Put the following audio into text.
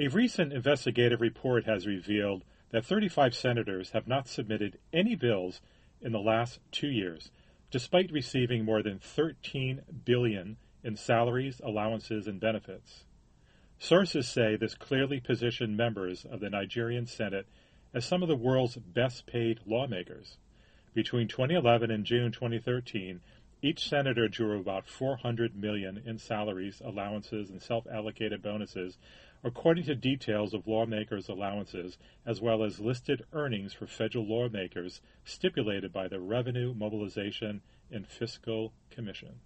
A recent investigative report has revealed that 35 senators have not submitted any bills in the last two years, despite receiving more than $13 in salaries, allowances, and benefits. Sources say this clearly positioned members of the Nigerian Senate as some of the world's best paid lawmakers. Between 2011 and June 2013, each senator drew about 400 million in salaries, allowances, and self-allocated bonuses, according to details of lawmakers' allowances, as well as listed earnings for federal lawmakers stipulated by the Revenue Mobilization and Fiscal Commission.